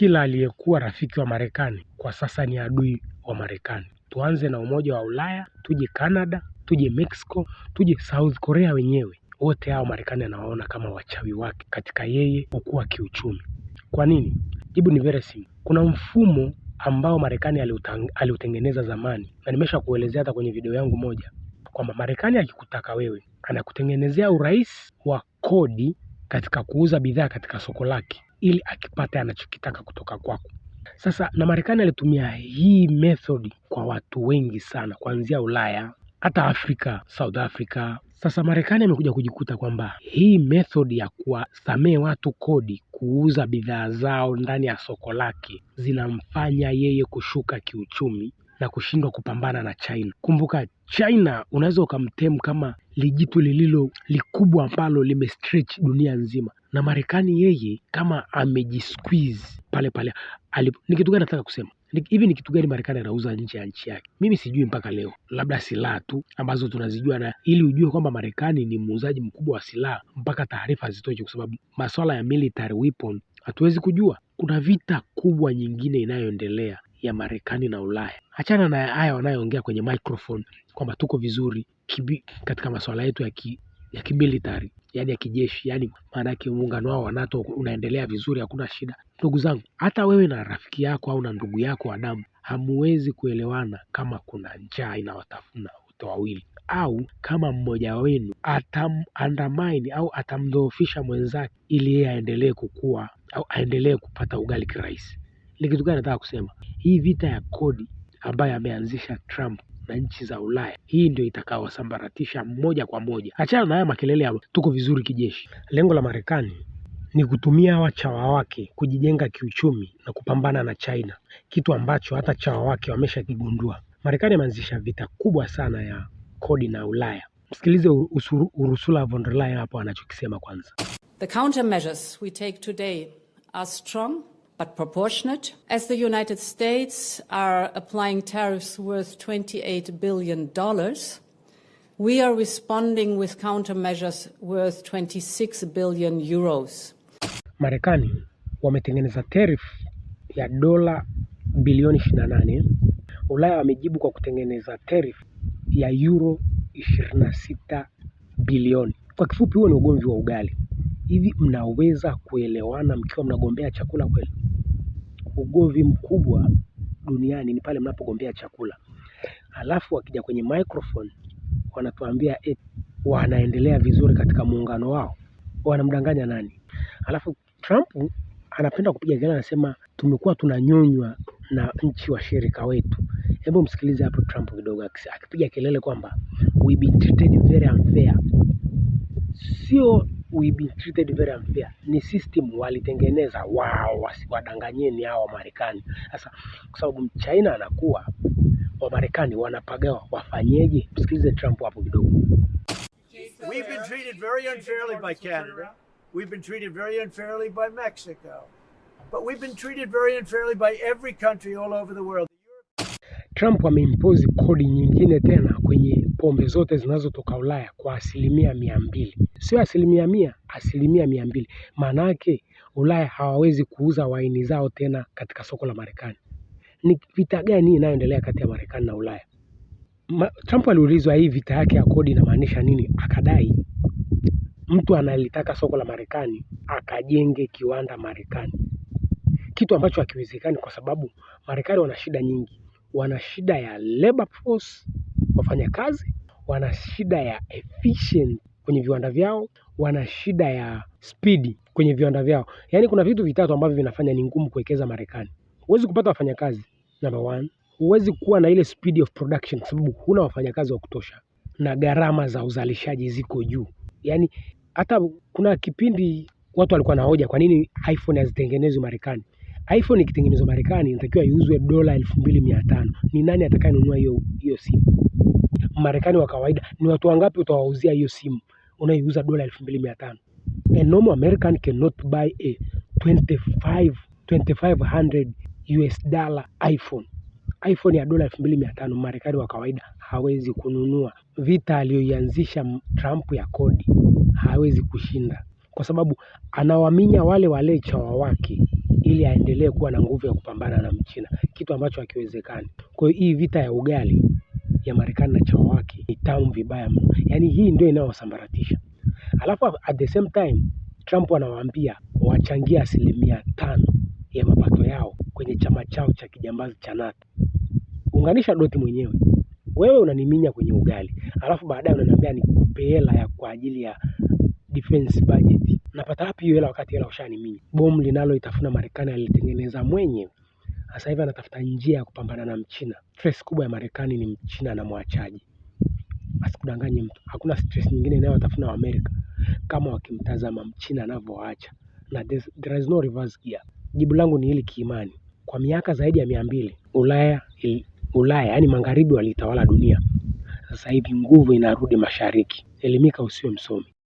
kila aliyekuwa rafiki wa Marekani kwa sasa ni adui wa Marekani. Tuanze na Umoja wa Ulaya, tuje Canada, tuje Mexico, tuje South Korea wenyewe. Wote hao Marekani anawaona kama wachawi wake katika yeye kukua kiuchumi. Kwa nini? Jibu ni very simple. Kuna mfumo ambao Marekani aliutengeneza zamani, na nimesha kuelezea hata kwenye video yangu moja kwamba Marekani akikutaka wewe anakutengenezea urais wa kodi katika kuuza bidhaa katika soko lake, ili akipate anachokitaka kutoka kwako. Sasa na Marekani alitumia hii method kwa watu wengi sana, kuanzia Ulaya hata Afrika, South Africa. Sasa Marekani amekuja kujikuta kwamba hii method ya kuwasamehe watu kodi kuuza bidhaa zao ndani ya soko lake zinamfanya yeye kushuka kiuchumi na kushindwa kupambana na China. Kumbuka China unaweza ukamtem kama lijitu lililo likubwa ambalo limestretch dunia nzima, na Marekani yeye kama amejisqueeze pale pale alipo. Ni kitu gani nataka kusema hivi? Ni kitu gani Marekani anauza nje ya nchi yake? Mimi sijui mpaka leo, labda silaha tu ambazo tunazijua, na ili ujue kwamba Marekani ni muuzaji mkubwa wa silaha mpaka taarifa hazitoke, kwa sababu masuala ya military weapon hatuwezi kujua. Kuna vita kubwa nyingine inayoendelea ya Marekani na Ulaya. Achana na haya wanayoongea kwenye microphone kwamba tuko vizuri kibi, katika masuala yetu ya, ki, ya kimilitary yani ya kijeshi, yani maana yake muungano wao wa NATO unaendelea vizuri, hakuna shida. Ndugu zangu, hata wewe na rafiki yako au na ndugu yako wa damu hamuwezi kuelewana kama kuna njaa inawatafuna wote wawili au kama mmoja wenu undermine au atamdhoofisha mwenzake ili yeye aendelee kukua au aendelee kupata ugali kirahisi. Ni kitu gani nataka kusema? Hii vita ya kodi ambayo ameanzisha Trump na nchi za Ulaya, hii ndio itakawasambaratisha moja kwa moja. Achana na haya makelele ya tuko vizuri kijeshi. Lengo la Marekani ni kutumia hawa chawa wake kujijenga kiuchumi na kupambana na China, kitu ambacho hata chawa wake wameshakigundua. Marekani ameanzisha vita kubwa sana ya kodi na Ulaya. Msikilize Ursula von der Leyen hapo anachokisema kwanza. The countermeasures we take today are strong but proportionate. As the United States are applying tariffs worth $28 billion, we are responding with countermeasures worth 26 billion euros. Marekani wametengeneza tarif ya dola bilioni 28. Ulaya wamejibu kwa kutengeneza tarif ya euro 26 bilioni. Kwa kifupi, huo ni ugomvi wa ugali. Hivi mnaweza kuelewana mkiwa mnagombea chakula kweli? ugovi mkubwa duniani ni pale mnapogombea chakula. Alafu wakija kwenye microphone wanatuambia eti wanaendelea vizuri katika muungano wao. Wanamdanganya nani? Alafu Trump anapenda kupiga kelele, anasema tumekuwa tunanyonywa na nchi washirika wetu. Hebu msikilize hapo Trump kidogo akipiga kelele kwamba we been treated very unfair, sio we have been treated very unfair. Ni system walitengeneza wao, wasiwadanganyeni hao Wamarekani. Sasa kwa sababu mchaina anakuwa, Wamarekani wanapagawa, wafanyeje? Msikilize Trump hapo kidogo. We've been treated very unfairly by Canada. We've been treated very unfairly by Mexico. But we've been treated very unfairly by every country all over the world. Trump ameimpozi kodi nyingine tena kwenye pombe zote zinazotoka ulaya kwa asilimia mia mbili. Sio asilimia mia, asilimia mia mbili. Manake ulaya hawawezi kuuza waini zao tena katika soko la marekani. Ni vita gani inayoendelea kati ya marekani na ulaya? Trump aliulizwa hii vita yake ya kodi inamaanisha nini? Akadai mtu analitaka soko la marekani akajenge kiwanda marekani. Kitu ambacho hakiwezekani kwa sababu marekani wana shida nyingi wana shida ya labor force, wafanyakazi, wana shida ya efficient kwenye viwanda vyao, wana shida ya speed kwenye viwanda vyao. Yaani kuna vitu vitatu ambavyo vinafanya ni ngumu kuwekeza Marekani. Huwezi kupata wafanyakazi number one, huwezi kuwa na ile speed of production sababu huna wafanyakazi wa kutosha, na gharama za uzalishaji ziko juu. Yaani hata kuna kipindi watu walikuwa na hoja, kwa nini iPhone hazitengenezwi Marekani? iPhone ikitengenezwa Marekani inatakiwa iuzwe dola elfu mbili mia tano. Ni nani atakayenunua hiyo hiyo simu? Marekani wa kawaida ni watu wangapi utawauzia hiyo simu unayouza dola elfu mbili mia tano? A normal American cannot buy a 25, 2500 US dollar iPhone. iPhone ya dola elfu mbili mia tano Marekani wa kawaida hawezi kununua. Vita aliyoianzisha Trump ya kodi hawezi kushinda, kwa sababu anawaminya wale chawa wake ili aendelee kuwa na nguvu ya kupambana na Mchina, kitu ambacho hakiwezekani. Kwa hiyo hii vita ya ugali ya Marekani na chawa wake ni tamu vibaya mno, yaani hii ndio inayosambaratisha Alafu at the same time Trump anawaambia wachangia asilimia tano ya mapato yao kwenye chama chao cha kijambazi cha NATO. Unganisha doti mwenyewe, wewe unaniminya kwenye ugali, alafu baadaye unaniambia nikupe hela ya kwa ajili ya defense budget. Napata wapi hiyo hela wakati hela ushaniminya. Bomu linaloitafuna Marekani alitengeneza mwenyewe. Sasa hivi anatafuta njia ya kupambana na mchina. Stress kubwa ya Marekani ni mchina na mwachaji. Asikudanganye mtu. Hakuna stress nyingine wa amerika kama wakimtazama mchina anavyoacha. Na there is no reverse gear. Jibu langu ni hili kiimani. Kwa miaka zaidi ya mia mbili Ulaya, Ulaya yani magharibi walitawala dunia. Sasa hivi nguvu inarudi mashariki. Elimika usiwe msomi.